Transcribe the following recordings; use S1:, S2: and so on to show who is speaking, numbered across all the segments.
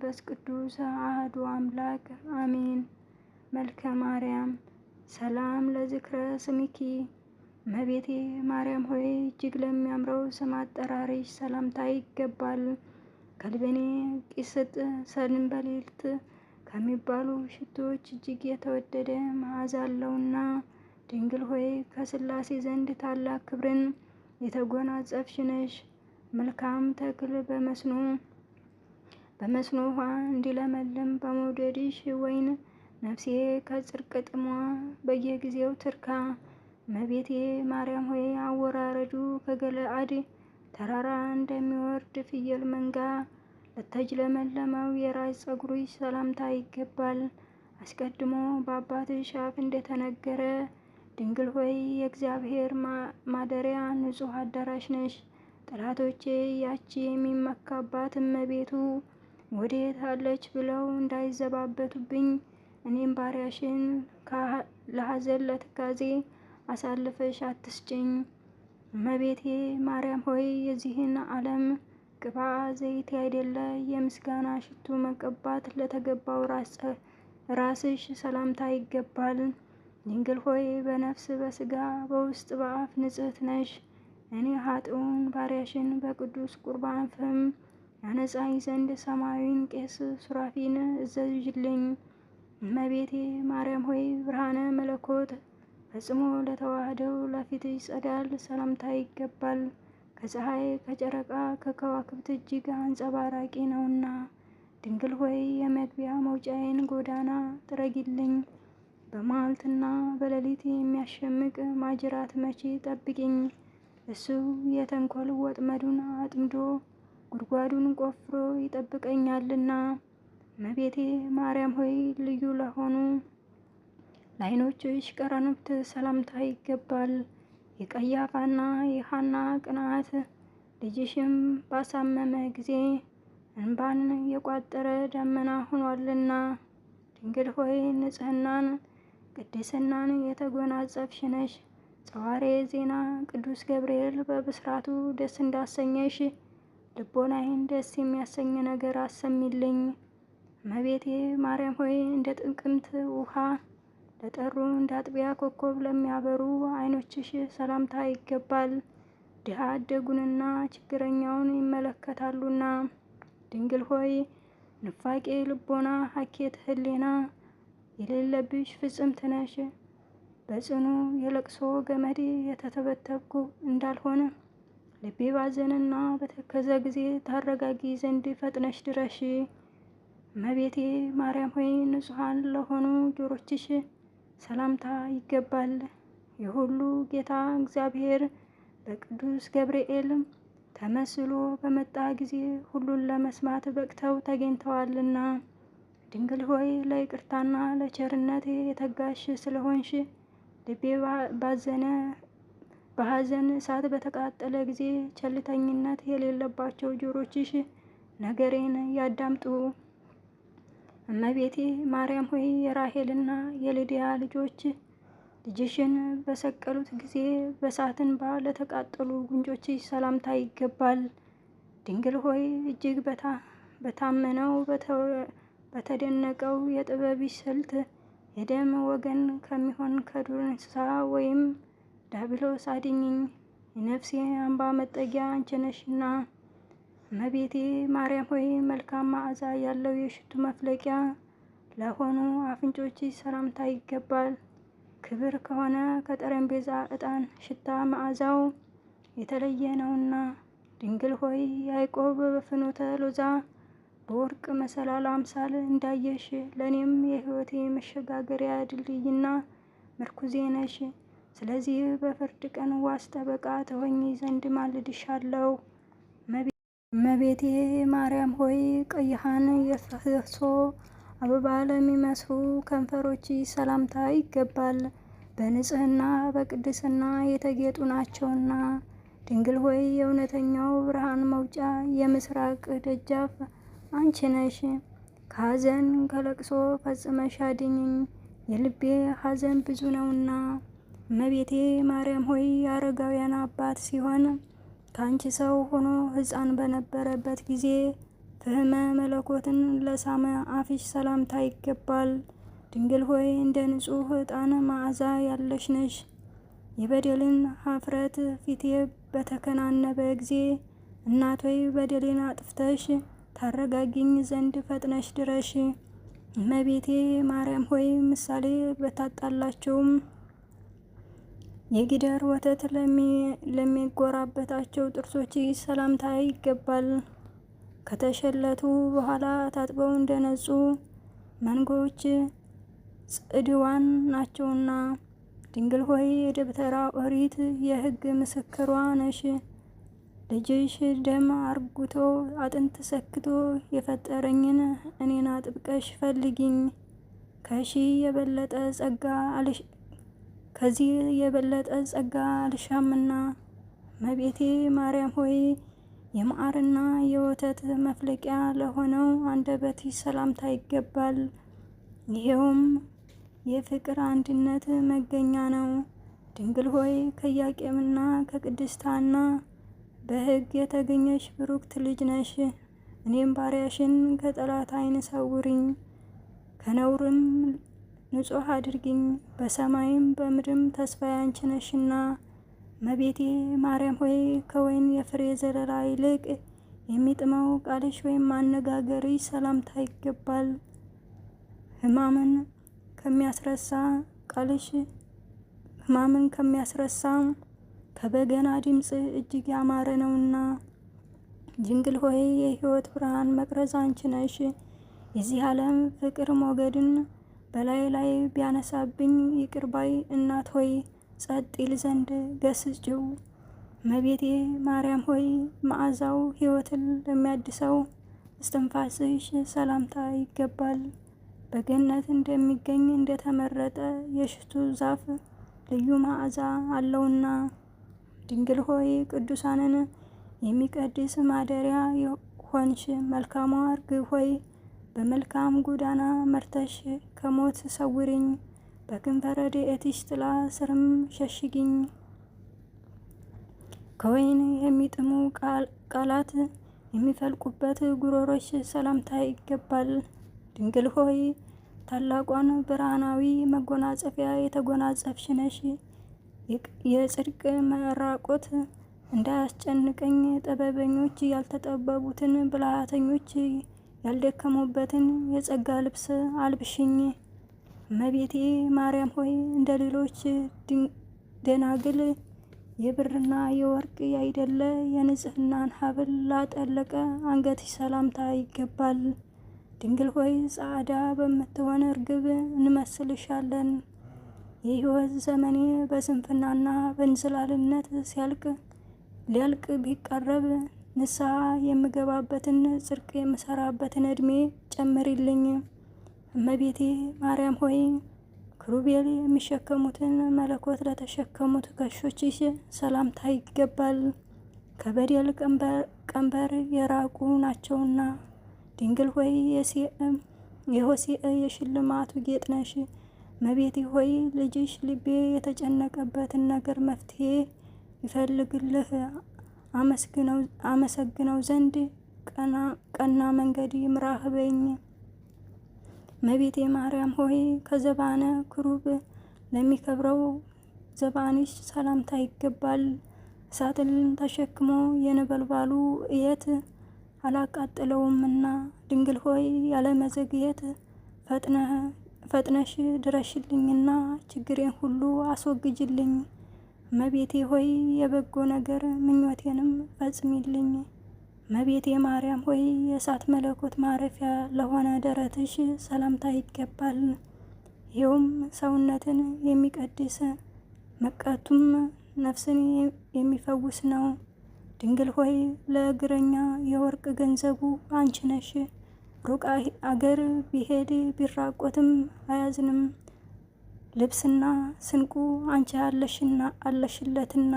S1: መንፈስ ቅዱስ አህዱ አምላክ አሜን። መልከ ማርያም ሰላም ለዝክረ ስሚኪ መቤቴ ማርያም ሆይ እጅግ ለሚያምረው ስም አጠራሪሽ ሰላምታ ይገባል። ከልቤኔ ቂስጥ ሰንበሌልት ከሚባሉ ሽቶዎች እጅግ የተወደደ መዓዛ አለውና ድንግል ሆይ ከስላሴ ዘንድ ታላቅ ክብርን የተጎናጸፍሽ ነሽ። መልካም ተክል በመስኖ በመስኖ ውሃ እንዲለመልም በመውደድሽ ወይን ነፍሴ ከጽርቅ ጥሟ በየጊዜው ትርካ። እመቤቴ ማርያም ሆይ አወራረዱ ከገለአድ ተራራ እንደሚወርድ ፍየል መንጋ ለተጅለመለመው የራስ ፀጉርሽ ሰላምታ ይገባል። አስቀድሞ በአባትሽ አፍ እንደተነገረ ድንግል ሆይ የእግዚአብሔር ማደሪያ ንጹሕ አዳራሽ ነሽ። ጠላቶቼ ያቺ የሚመካባት እመቤቱ ወዴት አለች ብለው እንዳይዘባበቱብኝ እኔም ባሪያሽን ለሐዘን ለትካዜ አሳልፈሽ አትስጭኝ። እመቤቴ ማርያም ሆይ የዚህን ዓለም ቅባ ዘይት አይደለ የምስጋና ሽቱ መቀባት ለተገባው ራስሽ ሰላምታ ይገባል። ድንግል ሆይ በነፍስ በስጋ በውስጥ በአፍ ንጽህት ነሽ። እኔ ኃጥኡን ባሪያሽን በቅዱስ ቁርባን ፍም ያነጻኝ ዘንድ ሰማያዊን ቄስ ሱራፊን እዘዥልኝ። እመቤቴ ማርያም ሆይ ብርሃነ መለኮት ፈጽሞ ለተዋህደው ለፊትሽ ጸዳል ሰላምታ ይገባል። ከፀሐይ ከጨረቃ ከከዋክብት እጅግ አንጸባራቂ ነውና፣ ድንግል ሆይ የመግቢያ መውጫዬን ጎዳና ጥረጊልኝ። በመዓልትና በሌሊት የሚያሸምቅ ማጅራት መቼ ጠብቅኝ! እሱ የተንኮል ወጥመዱን አጥምዶ ጉድጓዱን ቆፍሮ ይጠብቀኛልና እመቤቴ ማርያም ሆይ ልዩ ለሆኑ ለዓይኖችሽ ቀረኑብት ሰላምታ ይገባል። የቀያፋና የሃና ቅናት ልጅሽም ባሳመመ ጊዜ እንባን የቋጠረ ደመና ሆኗልና ድንግል ሆይ ንጽህናን ቅድስናን የተጎናጸፍሽ ነሽ። ጸዋሬ ዜና ቅዱስ ገብርኤል በብስራቱ ደስ እንዳሰኘሽ ልቦናዬን ደስ የሚያሰኝ ነገር አሰሚልኝ። እመቤቴ ማርያም ሆይ እንደ ጥቅምት ውሃ ለጠሩ እንደ አጥቢያ ኮከብ ለሚያበሩ ዓይኖችሽ ሰላምታ ይገባል። ድሃ አደጉንና ችግረኛውን ይመለከታሉና። ድንግል ሆይ ንፋቄ ልቦና፣ ሀኬት ህሊና የሌለብሽ ፍጽምት ነሽ። በጽኑ የለቅሶ ገመድ የተተበተብኩ እንዳልሆነ ልቤ ባዘነና በተከዘ ጊዜ ታረጋጊ ዘንድ ፈጥነሽ ድረሽ። መቤቴ ማርያም ሆይ ንጹሐን ለሆኑ ጆሮችሽ ሰላምታ ይገባል። የሁሉ ጌታ እግዚአብሔር በቅዱስ ገብርኤል ተመስሎ በመጣ ጊዜ ሁሉን ለመስማት በቅተው ተገኝተዋልና ድንግል ሆይ ለይቅርታና ለቸርነት የተጋሽ ስለሆንሽ ልቤ ባዘነ በሐዘን እሳት በተቃጠለ ጊዜ ቸልተኝነት የሌለባቸው ጆሮችሽ ነገሬን ያዳምጡ። እመቤቴ ማርያም ሆይ የራሄልና የልዲያ ልጆች ልጅሽን በሰቀሉት ጊዜ በሳትን እንባ ለተቃጠሉ ጉንጮችሽ ሰላምታ ይገባል። ድንግል ሆይ እጅግ በታመነው በተደነቀው የጥበብሽ ስልት የደም ወገን ከሚሆን ከዱር እንስሳ ወይም ዳብሎስ አድኝኝ፣ የነፍሴ አምባ መጠጊያ አንቺ ነሽና። እመቤቴ ማርያም ሆይ መልካም መዓዛ ያለው የሽቱ መፍለቂያ ለሆኑ አፍንጮች ሰላምታ ይገባል። ክብር ከሆነ ከጠረጴዛ ዕጣን ሽታ መዓዛው የተለየ ነውና። ድንግል ሆይ ያዕቆብ በፍኖተ ሎዛ በወርቅ መሰላል አምሳል እንዳየሽ ለእኔም የሕይወቴ መሸጋገሪያ ድልድይና ምርኩዜ ነሽ። ስለዚህ በፍርድ ቀን ዋስ ጠበቃ ተሆኚ ዘንድ ማልድሻለሁ። እመቤቴ ማርያም ሆይ ቀይሃን የፈሶ አበባ ለሚመስሉ ከንፈሮች ሰላምታ ይገባል። በንጽህና በቅድስና የተጌጡ ናቸውና። ድንግል ሆይ የእውነተኛው ብርሃን መውጫ የምስራቅ ደጃፍ አንቺ ነሽ። ከሐዘን ከለቅሶ ፈጽመሽ አድኝኝ፣ የልቤ ሐዘን ብዙ ነውና። እመቤቴ ማርያም ሆይ አረጋውያን አባት ሲሆን ከአንቺ ሰው ሆኖ ሕፃን በነበረበት ጊዜ ፍህመ መለኮትን ለሳመ አፍሽ ሰላምታ ይገባል። ድንግል ሆይ እንደ ንጹሕ ዕጣን መዓዛ ያለሽ ነሽ። የበደልን ሀፍረት ፊቴ በተከናነበ ጊዜ እናቶይ በደሌን አጥፍተሽ ታረጋግኝ ዘንድ ፈጥነሽ ድረሽ። እመቤቴ ማርያም ሆይ ምሳሌ በታጣላቸውም የጊዳር ወተት ለሚጎራበታቸው ጥርሶች ሰላምታ ይገባል። ከተሸለቱ በኋላ ታጥበው እንደነጹ መንጎዎች ጽድዋን ናቸውና፣ ድንግል ሆይ የደብተራ ኦሪት የሕግ ምስክሯ ነሽ። ልጅሽ ደም አርጉቶ አጥንት ሰክቶ የፈጠረኝን እኔን አጥብቀሽ ፈልጊኝ ከሺ የበለጠ ጸጋ ከዚህ የበለጠ ጸጋ አልሻምና መቤቴ ማርያም ሆይ የማዕርና የወተት መፍለቂያ ለሆነው አንደበትሽ ሰላምታ ይገባል። ይሄውም የፍቅር አንድነት መገኛ ነው። ድንግል ሆይ ከኢያቄምና ከቅድስታና በሕግ የተገኘሽ ብሩክት ልጅ ነሽ። እኔም ባሪያሽን ከጠላት ዓይን ከነውርም ንጹህ አድርጊኝ፣ በሰማይም በምድርም ተስፋ ያንቺ ነሽና። መቤቴ ማርያም ሆይ ከወይን የፍሬ ዘለላ ይልቅ የሚጥመው ቃልሽ ወይም አነጋገርሽ ሰላምታ ይገባል። ህማምን ከሚያስረሳ ቃልሽ ህማምን ከሚያስረሳ ከበገና ድምፅ እጅግ ያማረ ነውና። ድንግል ሆይ የሕይወት ብርሃን መቅረዝ አንቺ ነሽ። የዚህ ዓለም ፍቅር ሞገድን በላይ ላይ ቢያነሳብኝ ይቅርባይ እናት ሆይ ጸጥ ይል ዘንድ ገስጭው። እመቤቴ ማርያም ሆይ መዓዛው ሕይወትን ለሚያድሰው እስትንፋስሽ ሰላምታ ይገባል። በገነት እንደሚገኝ እንደተመረጠ የሽቱ ዛፍ ልዩ መዓዛ አለውና ድንግል ሆይ ቅዱሳንን የሚቀድስ ማደሪያ ሆንሽ። መልካሟ አርግ ሆይ በመልካም ጎዳና መርተሽ ከሞት ሰውርኝ፣ በክንፈ ረድኤትሽ ጥላ ስርም ሸሽግኝ። ከወይን የሚጥሙ ቃላት የሚፈልቁበት ጉሮሮሽ ሰላምታ ይገባል። ድንግል ሆይ ታላቋን ብርሃናዊ መጎናጸፊያ የተጎናጸፍሽ ነሽ። የጽድቅ መራቆት እንዳያስጨንቀኝ ጠበበኞች ያልተጠበቡትን ብልሃተኞች ያልደከሙበትን የጸጋ ልብስ አልብሽኝ። እመቤቴ ማርያም ሆይ እንደ ሌሎች ደናግል የብርና የወርቅ ያይደለ የንጽህናን ሐብል ላጠለቀ አንገትሽ ሰላምታ ይገባል። ድንግል ሆይ ጻዕዳ በምትሆን እርግብ እንመስልሻለን። የሕይወት ዘመኔ በስንፍናና በእንዝላልነት ሲያልቅ ሊያልቅ ቢቀረብ ንስሐ የምገባበትን ጽድቅ የምሰራበትን እድሜ ጨምሪልኝ። እመቤቴ ማርያም ሆይ ክሩቤል የሚሸከሙትን መለኮት ለተሸከሙት ከሾች ሰላምታ ይገባል፣ ከበደል ቀንበር የራቁ ናቸውና። ድንግል ሆይ የሆሴ የሽልማቱ ጌጥ ነሽ። እመቤቴ ሆይ ልጅሽ ልቤ የተጨነቀበትን ነገር መፍትሄ ይፈልግልህ አመሰግነው ዘንድ ቀና መንገድ ምራህ በኝ። መቤቴ ማርያም ሆይ ከዘባነ ክሩብ ለሚከብረው ዘባንሽ ሰላምታ ይገባል። እሳትን ተሸክሞ የነበልባሉ እየት አላቃጥለውምና ድንግል ሆይ ያለመዘግየት ፈጥነሽ ድረሽልኝና ችግሬን ሁሉ አስወግጅልኝ። መቤቴ ሆይ የበጎ ነገር ምኞቴንም ፈጽሚልኝ። መቤቴ ማርያም ሆይ የእሳት መለኮት ማረፊያ ለሆነ ደረትሽ ሰላምታ ይገባል። ይኸውም ሰውነትን የሚቀድስ መቀቱም ነፍስን የሚፈውስ ነው። ድንግል ሆይ ለእግረኛ የወርቅ ገንዘቡ አንቺ ነሽ። ሩቅ አገር ቢሄድ ቢራቆትም አያዝንም። ልብስና ስንቁ አንቺ አለሽና አለሽለትና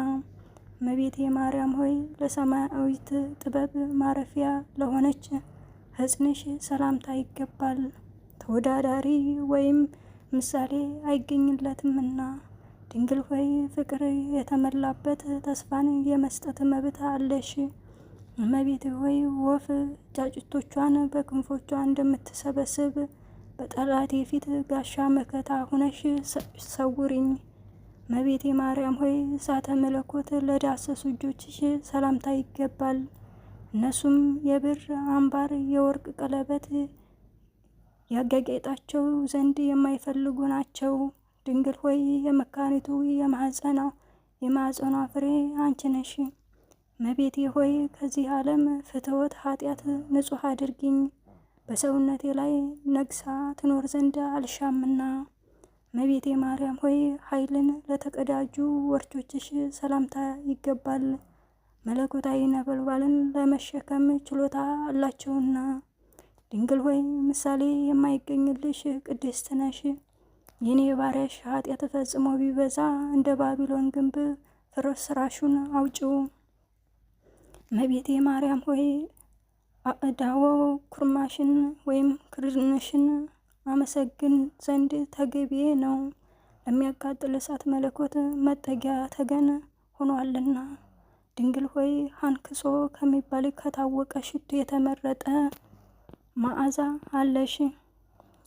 S1: መቤቴ ማርያም ሆይ ለሰማያዊት ጥበብ ማረፊያ ለሆነች ህጽንሽ ሰላምታ ይገባል። ተወዳዳሪ ወይም ምሳሌ አይገኝለትምና ድንግል ሆይ ፍቅር የተመላበት ተስፋን የመስጠት መብት አለሽ። እመቤቴ ሆይ ወፍ ጫጭቶቿን በክንፎቿ እንደምትሰበስብ በጠላቴ ፊት ጋሻ መከታ ሁነሽ ሰውሪኝ። መቤቴ ማርያም ሆይ እሳተ መለኮት ለዳሰሱ እጆችሽ ሰላምታ ይገባል። እነሱም የብር አምባር፣ የወርቅ ቀለበት ያጋጌጣቸው ዘንድ የማይፈልጉ ናቸው። ድንግል ሆይ የመካኒቱ የማህፀና የማህፀኗ ፍሬ አንቺ ነሽ። መቤቴ ሆይ ከዚህ ዓለም ፍትወት ኃጢአት ንጹሕ አድርግኝ!። በሰውነቴ ላይ ነግሳ ትኖር ዘንድ አልሻምና መቤቴ ማርያም ሆይ ኃይልን ለተቀዳጁ ወርቾችሽ ሰላምታ ይገባል። መለኮታዊ ነበልባልን ለመሸከም ችሎታ አላቸውና። ድንግል ሆይ ምሳሌ የማይገኝልሽ ቅድስት ነሽ። የኔ የባሪያሽ ኃጢአት ፈጽሞ ቢበዛ እንደ ባቢሎን ግንብ ፍርስራሹን አውጪው። መቤቴ ማርያም ሆይ አእዳዎ ኩርማሽን ወይም ክርንሽን አመሰግን ዘንድ ተገቢ ነው፣ ለሚያቃጥል እሳት መለኮት መጠጊያ ተገን ሆኗልና። ድንግል ሆይ ሀንክሶ ከሚባል ከታወቀ ሽቱ የተመረጠ መዓዛ አለሽ።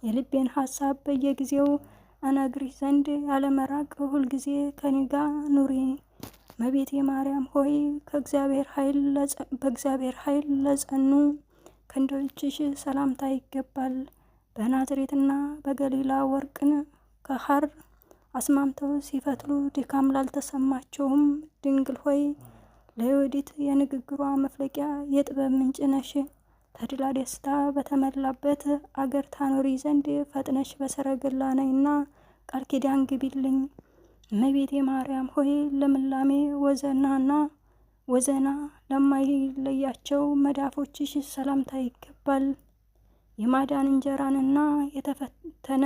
S1: የልቤን ሀሳብ በየጊዜው እነግርሽ ዘንድ ያለመራቅ ሁልጊዜ ከኔ ጋ ኑሪ። እመቤቴ ማርያም ሆይ በእግዚአብሔር ኃይል ለጸኑ ክንዶችሽ ሰላምታ ይገባል። በናዝሬትና በገሊላ ወርቅን ከሐር አስማምተው ሲፈትሉ ድካም ላልተሰማቸውም ድንግል ሆይ ለዮዲት የንግግሯ መፍለቂያ የጥበብ ምንጭ ነሽ። ተድላ ደስታ በተሞላበት አገር ታኖሪ ዘንድ ፈጥነሽ በሰረገላ ነይና ቃል ኪዳን ግቢልኝ። እመቤቴ ማርያም ሆይ ለምላሜ ወዘናና ወዘና ለማይለያቸው መዳፎችሽ ሰላምታ ይገባል። የማዳን እንጀራንና የተፈተነ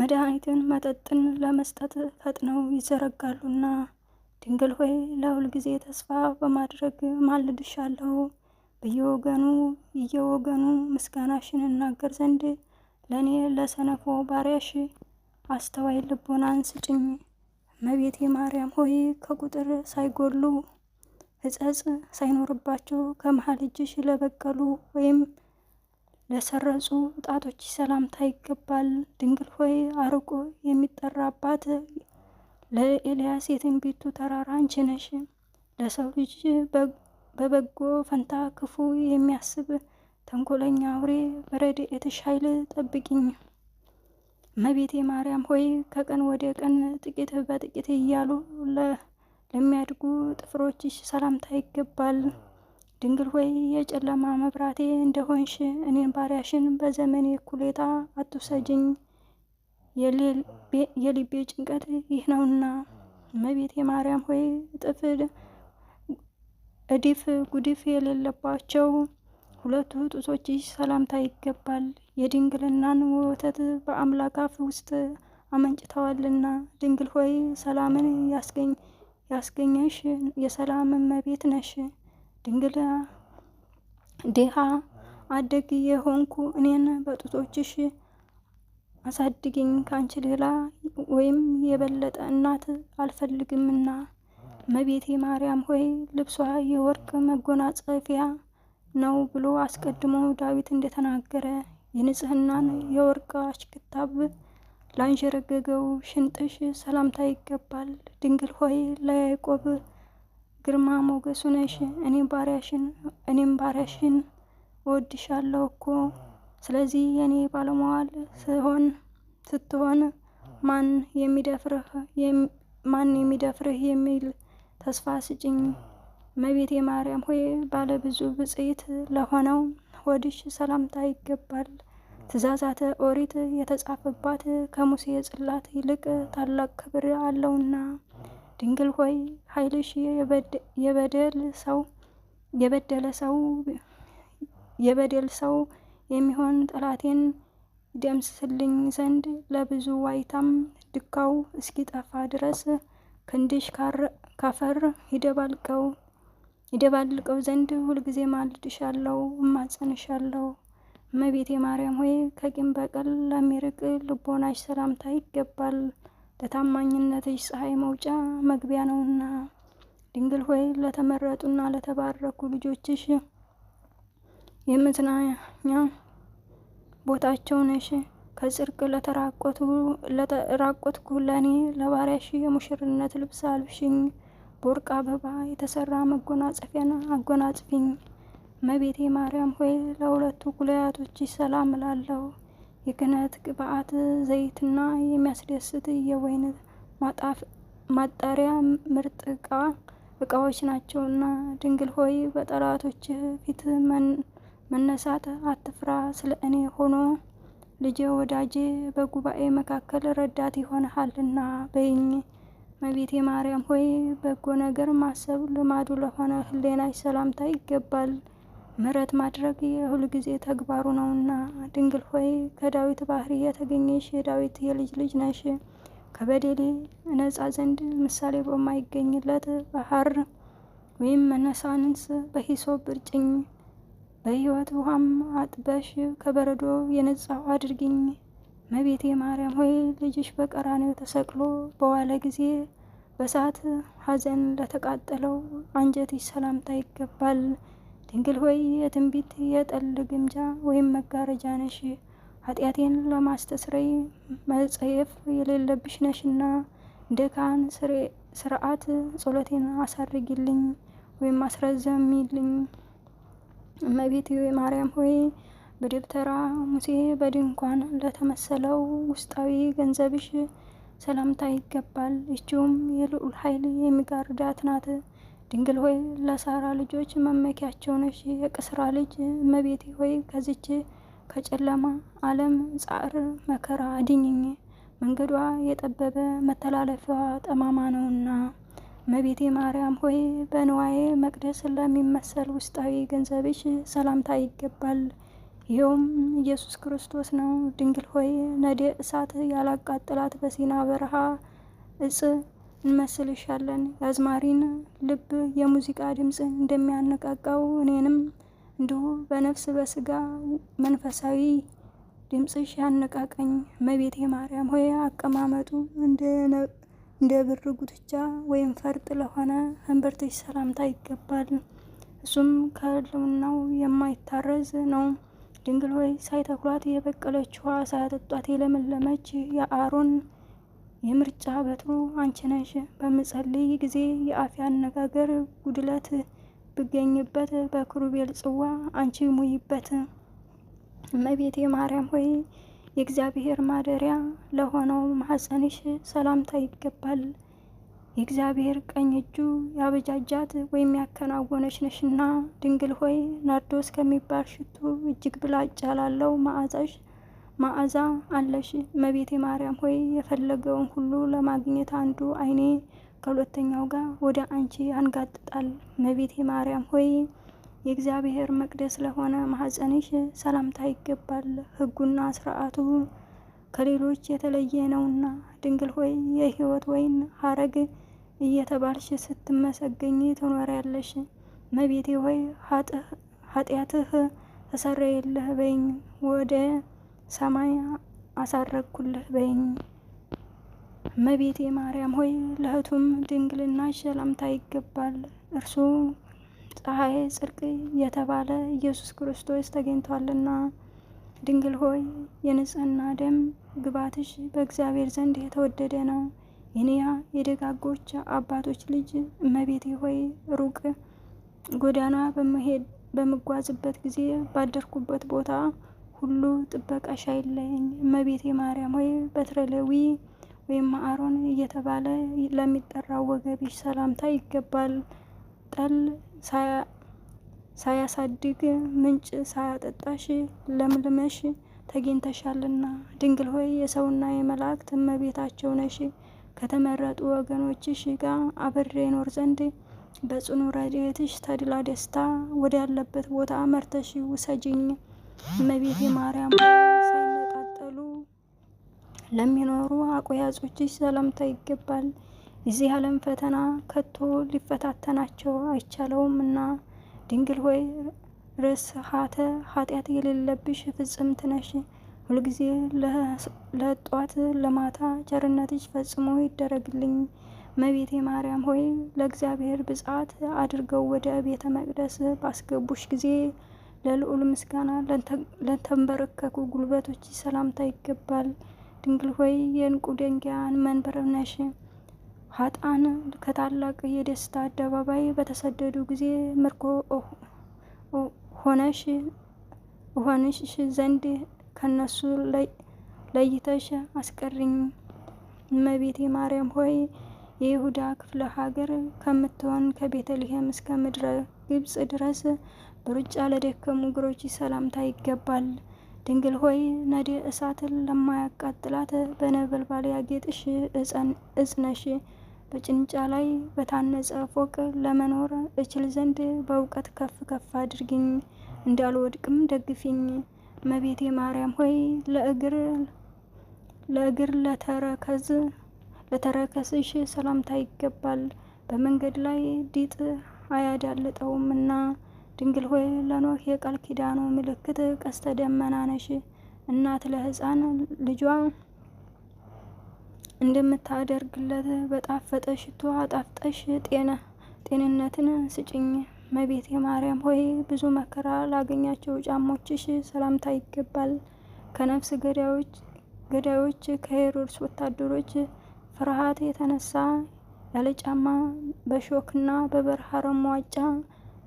S1: መድኃኒትን መጠጥን ለመስጠት ፈጥነው ይዘረጋሉና ድንግል ሆይ ለሁል ጊዜ ተስፋ በማድረግ ማልድሻለሁ። በየወገኑ እየወገኑ ምስጋናሽን እናገር ዘንድ ለእኔ ለሰነፎ ባሪያሽ አስተዋይ ልቦናን አንስጭኝ። እመቤቴ ማርያም ሆይ ከቁጥር ሳይጎሉ እጸጽ ሳይኖርባቸው ከመሀል እጅሽ ለበቀሉ ወይም ለሰረጹ ጣቶች ሰላምታ ይገባል። ድንግል ሆይ አርቆ የሚጠራባት ለኤልያስ የትንቢቱ ተራራ አንቺ ነሽ። ለሰው ልጅ በበጎ ፈንታ ክፉ የሚያስብ ተንኮለኛ አውሬ በረድኤትሽ ኃይል ጠብቂኝ። መቤቴ ማርያም ሆይ ከቀን ወደ ቀን ጥቂት በጥቂት እያሉ ለሚያድጉ ጥፍሮችሽ ሰላምታ ይገባል። ድንግል ሆይ የጨለማ መብራቴ እንደሆንሽ እኔን ባሪያሽን በዘመኔ እኩሌታ አትውሰጅኝ፣ የልቤ ጭንቀት ይህ ነውና። መቤቴ ማርያም ሆይ እጥፍ እድፍ ጉድፍ የሌለባቸው ሁለቱ ጡቶችሽ ሰላምታ ይገባል። የድንግልናን ወተት በአምላክ አፍ ውስጥ አመንጭተዋልና ድንግል ሆይ ሰላምን ያስገኘሽ የሰላም እመቤት ነሽ። ድንግል ድሃ አደግ የሆንኩ እኔን በጡቶችሽ አሳድግኝ፣ ካንች ሌላ ወይም የበለጠ እናት አልፈልግምና። እመቤቴ ማርያም ሆይ ልብሷ የወርቅ መጎናጸፊያ ነው ብሎ አስቀድሞ ዳዊት እንደተናገረ የንጽህናን የወርቅ አሽክታብ ላንሸረገገው ሽንጥሽ ሰላምታ ይገባል። ድንግል ሆይ ለያዕቆብ ግርማ ሞገሱ ነሽ። እኔም ባሪያሽን እኔም ባሪያሽን እወድሻለሁ እኮ ስለዚህ የእኔ ባለመዋል ስሆን ስትሆን ማን የሚደፍርህ ማን የሚደፍርህ የሚል ተስፋ ስጭኝ እመቤቴ ማርያም ሆይ ባለ ብዙ ብጽይት ለሆነው ሆድሽ ሰላምታ ይገባል። ትእዛዛተ ኦሪት የተጻፈባት ከሙሴ ጽላት ይልቅ ታላቅ ክብር አለውና። ድንግል ሆይ ኃይልሽ የበደል ሰው የበደለ ሰው የበደል ሰው የሚሆን ጠላቴን ደምስልኝ ዘንድ ለብዙ ዋይታም ድካው እስኪጠፋ ድረስ ክንድሽ ካፈር ይደባልቀው። ይደባልቀው ዘንድ ሁልጊዜ ማልድሻለሁ፣ እማጸንሻለሁ። እመቤቴ ማርያም ሆይ ከቂም በቀል ለሚርቅ ልቦናሽ ሰላምታ ይገባል፣ ለታማኝነትሽ ፀሐይ መውጫ መግቢያ ነውና። ድንግል ሆይ ለተመረጡና ለተባረኩ ልጆችሽ የመዝናኛ ቦታቸው ነሽ። ከጽርቅ ለተራቆትኩ ለእኔ ለባሪያሽ የሙሽርነት ልብስ አልብሽኝ። በወርቅ አበባ የተሰራ መጎናጸፊያን አጎናጽፊኝ። መቤቴ ማርያም ሆይ ለሁለቱ ጉልላቶች ሰላም እላለሁ። የክህነት ቅብአት ዘይትና የሚያስደስት የወይን ማጣሪያ ምርጥ እቃ እቃዎች ናቸውና ድንግል ሆይ በጠላቶች ፊት መነሳት አትፍራ። ስለ እኔ ሆኖ ልጄ ወዳጄ በጉባኤ መካከል ረዳት ይሆንሃልና በይኝ። መቤት ማርያም ሆይ በጎ ነገር ማሰብ ልማዱ ለሆነ ህሌናሽ ሰላምታ ይገባል። ምሕረት ማድረግ የሁል ጊዜ ተግባሩ ነውና፣ ድንግል ሆይ ከዳዊት ባህሪ የተገኘሽ የዳዊት የልጅ ልጅ ነሽ። ከበደሌ እነጻ ዘንድ ምሳሌ በማይገኝለት ባህር ወይም መነሳንስ በሂሶብ እርጭኝ፣ በህይወት ውሃም አጥበሽ ከበረዶ የነጻው አድርግኝ። እመቤቴ ማርያም ሆይ ልጅሽ በቀራንዮ ተሰቅሎ በዋለ ጊዜ በሰዓት ሐዘን ለተቃጠለው አንጀትሽ ሰላምታ ይገባል። ድንግል ሆይ የትንቢት የጠል ግምጃ ወይም መጋረጃ ነሽ። ኃጢአቴን ለማስተስረይ መጸየፍ የሌለብሽ ነሽና እንደ ካህን ስርዓት ጸሎቴን አሳርጊልኝ ወይም አስረዘሚልኝ። እመቤት ማርያም ሆይ በደብተራ ሙሴ በድንኳን ለተመሰለው ውስጣዊ ገንዘብሽ ሰላምታ ይገባል። ይችውም የልዑል ኃይል የሚጋርዳት ናት። ድንግል ሆይ ለሳራ ልጆች መመኪያቸው ነሽ። የቅስራ ልጅ እመቤቴ ሆይ ከዚች ከጨለማ ዓለም ጻዕር መከራ አድኝኝ፣ መንገዷ የጠበበ መተላለፊዋ ጠማማ ነውና። እመቤቴ ማርያም ሆይ በንዋዬ መቅደስ ለሚመሰል ውስጣዊ ገንዘብሽ ሰላምታ ይገባል። ይኸውም ኢየሱስ ክርስቶስ ነው። ድንግል ሆይ ነደ እሳት ያላቃጠላት በሲና በረሃ እጽ እንመስልሻለን። የአዝማሪን ልብ የሙዚቃ ድምፅ እንደሚያነቃቃው እኔንም እንዲሁ በነፍስ በስጋ መንፈሳዊ ድምፅሽ ያነቃቀኝ። መቤቴ ማርያም ሆይ አቀማመጡ እንደ ብር ጉትቻ ወይም ፈርጥ ለሆነ አንበርትሽ ሰላምታ ይገባል። እሱም ከህልምናው የማይታረዝ ነው። ድንግል ሆይ ሳይተኩላት የበቀለችዋ ሳያጠጧት የለመለመች የአሮን የምርጫ በትሩ አንቺ ነሽ። በምጸልይ ጊዜ የአፌ አነጋገር ጉድለት ብገኝበት በክሩቤል ጽዋ አንቺ ሙይበት። እመቤቴ ማርያም ሆይ የእግዚአብሔር ማደሪያ ለሆነው ማኅፀንሽ ሰላምታ ይገባል። የእግዚአብሔር ቀኝ እጁ ያበጃጃት ወይም ያከናወነች ነሽና ድንግል ሆይ ናርዶስ ከሚባል ሽቱ እጅግ ብላጭ ያላለው መዓዛሽ መዓዛ አለሽ። መቤቴ ማርያም ሆይ የፈለገውን ሁሉ ለማግኘት አንዱ ዓይኔ ከሁለተኛው ጋር ወደ አንቺ ያንጋጥጣል። መቤቴ ማርያም ሆይ የእግዚአብሔር መቅደስ ለሆነ ማህፀንሽ ሰላምታ ይገባል። ሕጉና ሥርዓቱ ከሌሎች የተለየ ነውና ድንግል ሆይ የሕይወት ወይን ሐረግ እየተባልሽ ስትመሰገኝ ትኖሪያለሽ። መቤቴ ሆይ ኃጢአትህ ተሰረየልህ በይኝ፣ ወደ ሰማይ አሳረግኩልህ በይኝ። መቤቴ ማርያም ሆይ ለህቱም ድንግልና ሰላምታ ይገባል። እርሱ ፀሐይ ጽድቅ የተባለ ኢየሱስ ክርስቶስ ተገኝቷልና ድንግል ሆይ የንጽህና ደም ግባትሽ በእግዚአብሔር ዘንድ የተወደደ ነው። የኔያ የደጋጎች አባቶች ልጅ እመቤቴ ሆይ ሩቅ ጎዳና በመሄድ በምጓዝበት ጊዜ ባደርኩበት ቦታ ሁሉ ጥበቃሽ አይለየኝ። እመቤቴ ማርያም ሆይ በትረለዊ ወይም አሮን እየተባለ ለሚጠራው ወገብሽ ሰላምታ ይገባል። ጠል ሳያሳድግ ምንጭ ሳያጠጣሽ ለምልመሽ ተገኝተሻልና ድንግል ሆይ የሰውና የመላእክት እመቤታቸው ነሽ። ከተመረጡ ወገኖችሽ ጋር አብሬ ኖር ዘንድ በጽኑ ረድኤትሽ ተድላ ደስታ ወዳለበት ቦታ መርተሽ ውሰጅኝ። እመቤቴ ማርያም ሳይነጣጠሉ ለሚኖሩ አቆያጾችሽ ሰላምታ ይገባል። እዚህ ዓለም ፈተና ከቶ ሊፈታተናቸው አይቻለውም እና ድንግል ሆይ ርስሃተ ኃጢአት የሌለብሽ ፍጽምት ነሽ። ሁልጊዜ ለጧት ለማታ ቸርነትሽ ፈጽሞ ይደረግልኝ። መቤቴ ማርያም ሆይ ለእግዚአብሔር ብጻት አድርገው ወደ ቤተ መቅደስ ባስገቡሽ ጊዜ ለልዑል ምስጋና ለተንበረከኩ ጉልበቶች ሰላምታ ይገባል። ድንግል ሆይ የእንቁ ደንጊያን መንበር ነሽ። ሀጣን ከታላቅ የደስታ አደባባይ በተሰደዱ ጊዜ ምርኮ ሆነሽ ሆንሽ ዘንድ ከነሱ ለይተሽ አስቀሪኝ። እመቤቴ ማርያም ሆይ የይሁዳ ክፍለ ሀገር ከምትሆን ከቤተልሔም እስከ ምድረ ግብጽ ድረስ በሩጫ ለደከሙ እግሮች ሰላምታ ይገባል። ድንግል ሆይ ነዴ እሳትን ለማያቃጥላት በነበልባል ያጌጥሽ እጽነሽ በጭንጫ ላይ በታነጸ ፎቅ ለመኖር እችል ዘንድ በእውቀት ከፍ ከፍ አድርግኝ፣ እንዳልወድቅም ደግፊኝ። መቤቴ ማርያም ሆይ ለእግር ለእግር ለተረከዝ ለተረከዝሽ ሰላምታ ይገባል። በመንገድ ላይ ዲጥ አያዳልጠውም እና ድንግል ሆይ ለኖህ የቃል ኪዳኑ ምልክት ቀስተ ደመና ነሽ። እናት ለሕፃን ልጇ እንደምታደርግለት በጣፈጠ ሽቶ አጣፍጠሽ ጤንነትን ስጭኝ። መቤት ማርያም ሆይ ብዙ መከራ ላገኛቸው ሽ ሰላምታ ይገባል። ከነፍስ ገዳዮች ከሄሮድስ ወታደሮች ፍርሃት የተነሳ ያለ ጫማ በሾክና በበረሃ ረሟጫ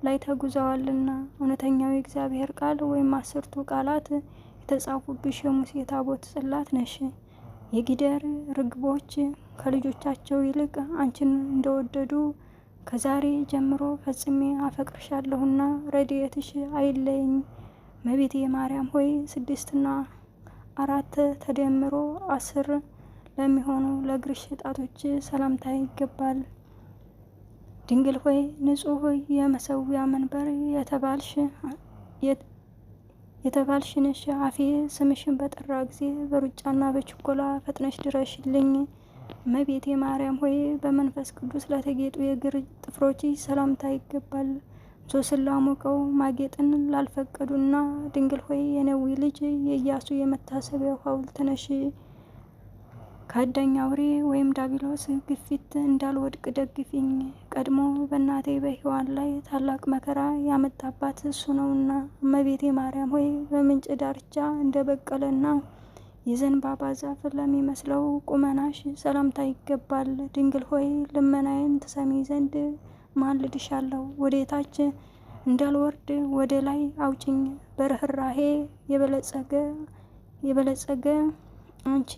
S1: ላይ ተጉዘዋልና እውነተኛው የእግዚአብሔር ቃል ወይም አስርቱ ቃላት የተጻፉብሽ የሙሴ ታቦት ጽላት ነሽ። የጊደር ርግቦች ከልጆቻቸው ይልቅ አንቺን እንደወደዱ ከዛሬ ጀምሮ ፈጽሜ አፈቅርሻለሁና ረድኤትሽ አይለይኝ። መቤቴ ማርያም ሆይ ስድስትና አራት ተደምሮ አስር ለሚሆኑ ለእግርሽ ጣቶች ሰላምታ ይገባል። ድንግል ሆይ ንጹሕ የመሰዊያ መንበር የተባልሽ ነሽ። አፌ ስምሽን በጠራ ጊዜ በሩጫና በችኮላ ፈጥነሽ ድረሽልኝ። እመቤቴ ማርያም ሆይ በመንፈስ ቅዱስ ለተጌጡ የእግር ጥፍሮች ሰላምታ ይገባል። ሶስን ሙቀው ማጌጥን ላልፈቀዱና ድንግል ሆይ የነዊ ልጅ የኢያሱ የመታሰቢያው ሐውልት ነሽ። ከአዳኝ አውሬ ወይም ዳቢሎስ ግፊት እንዳልወድቅ ደግፊኝ። ቀድሞ በእናቴ በሔዋን ላይ ታላቅ መከራ ያመጣባት እሱ ነውና እመቤቴ ማርያም ሆይ በምንጭ ዳርቻ እንደበቀለና የዘንባባ ዛፍ ለሚመስለው ቁመናሽ ሰላምታ ይገባል። ድንግል ሆይ ልመናዬን ትሰሚ ዘንድ ማልድሻለሁ። ወደታች እንዳልወርድ ወደ ላይ አውጭኝ። በርህራሄ የበለጸገ የበለጸገ አንቺ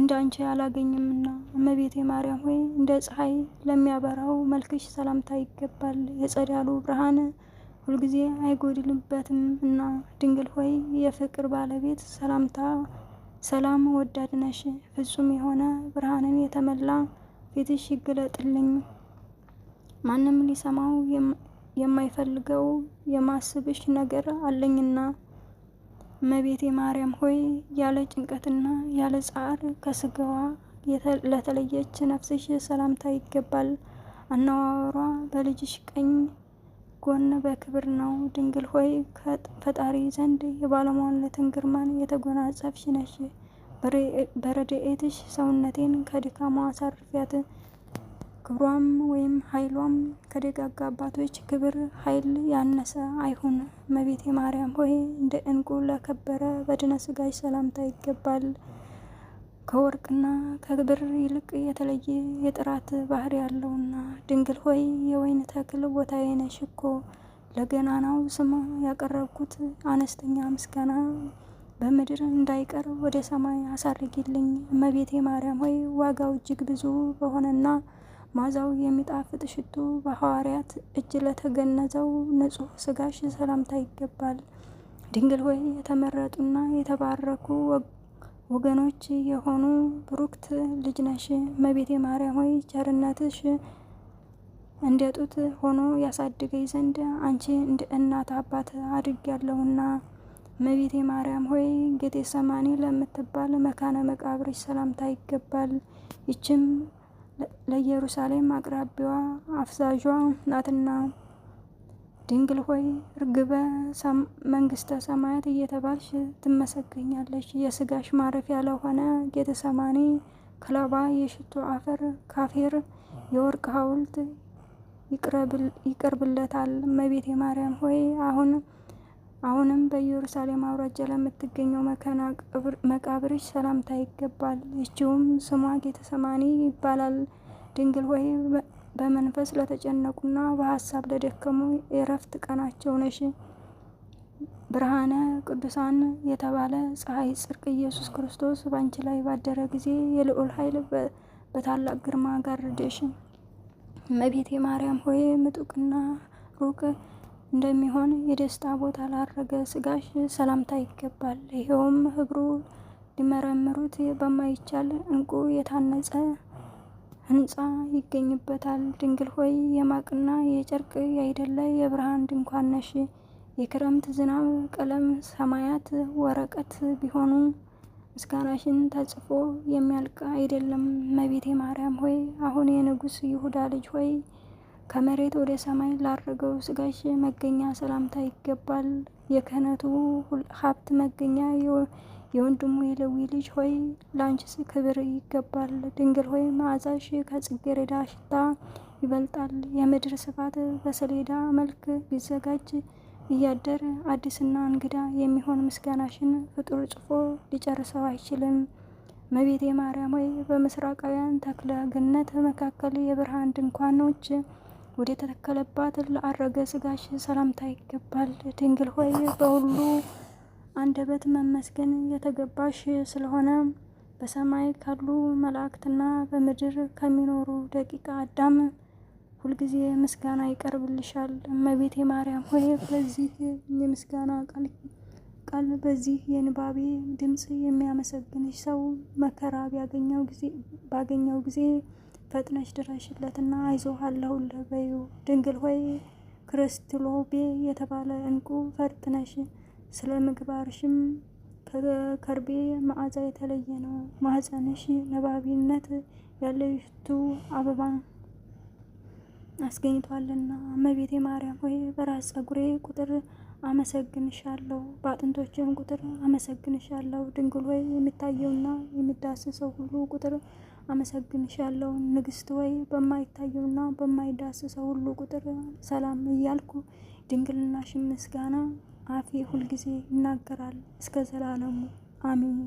S1: እንደ አንቺ አላገኝምና። እመቤቴ ማርያም ሆይ እንደ ፀሐይ ለሚያበራው መልክሽ ሰላምታ ይገባል። የጸዳሉ ብርሃን ሁልጊዜ አይጎድልበትም እና ድንግል ሆይ የፍቅር ባለቤት ሰላምታ ሰላም ወዳድ ነሽ፣ ፍጹም የሆነ ብርሃንን የተመላ ፊትሽ ይገለጥልኝ። ማንም ሊሰማው የማይፈልገው የማስብሽ ነገር አለኝና መቤቴ ማርያም ሆይ ያለ ጭንቀትና ያለ ጻር ከስጋዋ ለተለየች ነፍስሽ ሰላምታ ይገባል። አነዋወሯ በልጅሽ ቀኝ ጎን በክብር ነው። ድንግል ሆይ ፈጣሪ ዘንድ የባለሟልነትን ግርማን የተጎናጸፍሽ ነሽ። በረድኤትሽ ሰውነቴን ከድካማ አሳርፊያት። ክብሯም ወይም ኃይሏም ከደጋጋ አባቶች ክብር ኃይል ያነሰ አይሁን። መቤቴ ማርያም ሆይ እንደ እንቁ ለከበረ በድነ ስጋሽ ሰላምታ ይገባል። ከወርቅና ከብር ይልቅ የተለየ የጥራት ባህሪ ያለውና ድንግል ሆይ የወይን ተክል ቦታዬ ነሽ እኮ ለገናናው ስም ያቀረብኩት አነስተኛ ምስጋና በምድር እንዳይቀር ወደ ሰማይ አሳርጊልኝ። እመቤቴ ማርያም ሆይ ዋጋው እጅግ ብዙ በሆነና ማዛው የሚጣፍጥ ሽቱ በሐዋርያት እጅ ለተገነዘው ንጹሕ ስጋሽ ሰላምታ ይገባል። ድንግል ሆይ የተመረጡና የተባረኩ ወገኖች የሆኑ ብሩክት ልጅ ነሽ እመቤቴ ማርያም ሆይ ቸርነትሽ እንደ ጡት ሆኖ ያሳድገኝ ዘንድ አንቺ እንደ እናት አባት ያለውና እመቤቴ ማርያም ሆይ ጌቴ ሰማኒ ለምትባል መካነ መቃብርሽ ሰላምታ ይገባል። ይችም ለኢየሩሳሌም አቅራቢዋ አፍዛዧ ናትና ድንግል ሆይ እርግበ መንግስተ ሰማያት እየተባልሽ ትመሰገኛለሽ። የስጋሽ ማረፊያ ለሆነ ጌተሰማኒ ክለባ የሽቱ አፈር ካፌር የወርቅ ሐውልት ይቀርብለታል። መቤቴ ማርያም ሆይ አሁን አሁንም በኢየሩሳሌም አውራጃ ለምትገኘው መቃብርሽ ሰላምታ ይገባል። ይቺውም ስሟ ጌተሰማኒ ይባላል። ድንግል ሆይ በመንፈስ ለተጨነቁና በሀሳብ ለደከሙ የእረፍት ቀናቸው ነሽ። ብርሃነ ቅዱሳን የተባለ ፀሐይ ጽድቅ ኢየሱስ ክርስቶስ ባንቺ ላይ ባደረ ጊዜ የልዑል ኃይል በታላቅ ግርማ ጋረደሽ። እመቤቴ ማርያም ሆይ ምጡቅና ሩቅ እንደሚሆን የደስታ ቦታ ላረገ ስጋሽ ሰላምታ ይገባል። ይኸውም ህብሩ ሊመረምሩት በማይቻል እንቁ የታነጸ ሕንፃ ይገኝበታል። ድንግል ሆይ የማቅና የጨርቅ ያይደለ የብርሃን ድንኳን ነሽ። የክረምት ዝናብ ቀለም ሰማያት ወረቀት ቢሆኑ ምስጋናሽን ተጽፎ የሚያልቅ አይደለም። መቤቴ ማርያም ሆይ አሁን የንጉሥ ይሁዳ ልጅ ሆይ ከመሬት ወደ ሰማይ ላረገው ስጋሽ መገኛ ሰላምታ ይገባል። የክህነቱ ሀብት መገኛ የወንድሙ የሌዊ ልጅ ሆይ ለአንቺስ ክብር ይገባል። ድንግል ሆይ መዓዛሽ ከጽጌረዳ ሽታ ይበልጣል። የምድር ስፋት በሰሌዳ መልክ ቢዘጋጅ እያደር አዲስና እንግዳ የሚሆን ምስጋናሽን ፍጡር ጽፎ ሊጨርሰው አይችልም። መቤቴ ማርያም ሆይ በምስራቃውያን ተክለ ገነት መካከል የብርሃን ድንኳኖች ወደ ተተከለባት ለአረገ ስጋሽ ሰላምታ ይገባል። ድንግል ሆይ በሁሉ አንደበት መመስገን የተገባሽ ስለሆነ በሰማይ ካሉ መላእክትና በምድር ከሚኖሩ ደቂቀ አዳም ሁልጊዜ ምስጋና ይቀርብልሻል። እመቤቴ ማርያም ሆይ በዚህ የምስጋና ቃል ቃል በዚህ የንባቤ ድምፅ የሚያመሰግንሽ ሰው መከራ ባገኘው ጊዜ ፈጥነሽ ድረሽለትና አይዞ አለሁልህ በይው። ድንግል ሆይ ክርስትሎቤ የተባለ እንቁ ፈርጥነሽ ስለ ምግባርሽም ከከርቤ መዓዛ የተለየ ነው። ማህፀንሽ ነባቢነት ያለይቱ አበባ አስገኝቷልና እመቤቴ ማርያም ሆይ በራስ ጸጉሬ ቁጥር አመሰግንሻለሁ፣ በአጥንቶችም ቁጥር አመሰግንሻለሁ። ድንግል ወይ የሚታየውና የሚዳስሰው ሁሉ ቁጥር አመሰግንሻለሁ። ንግስት ወይ በማይታየውና በማይዳስሰው ሁሉ ቁጥር ሰላም እያልኩ ድንግልናሽ ምስጋና አፌ ሁልጊዜ ይናገራል እስከ ዘላለሙ አሜን።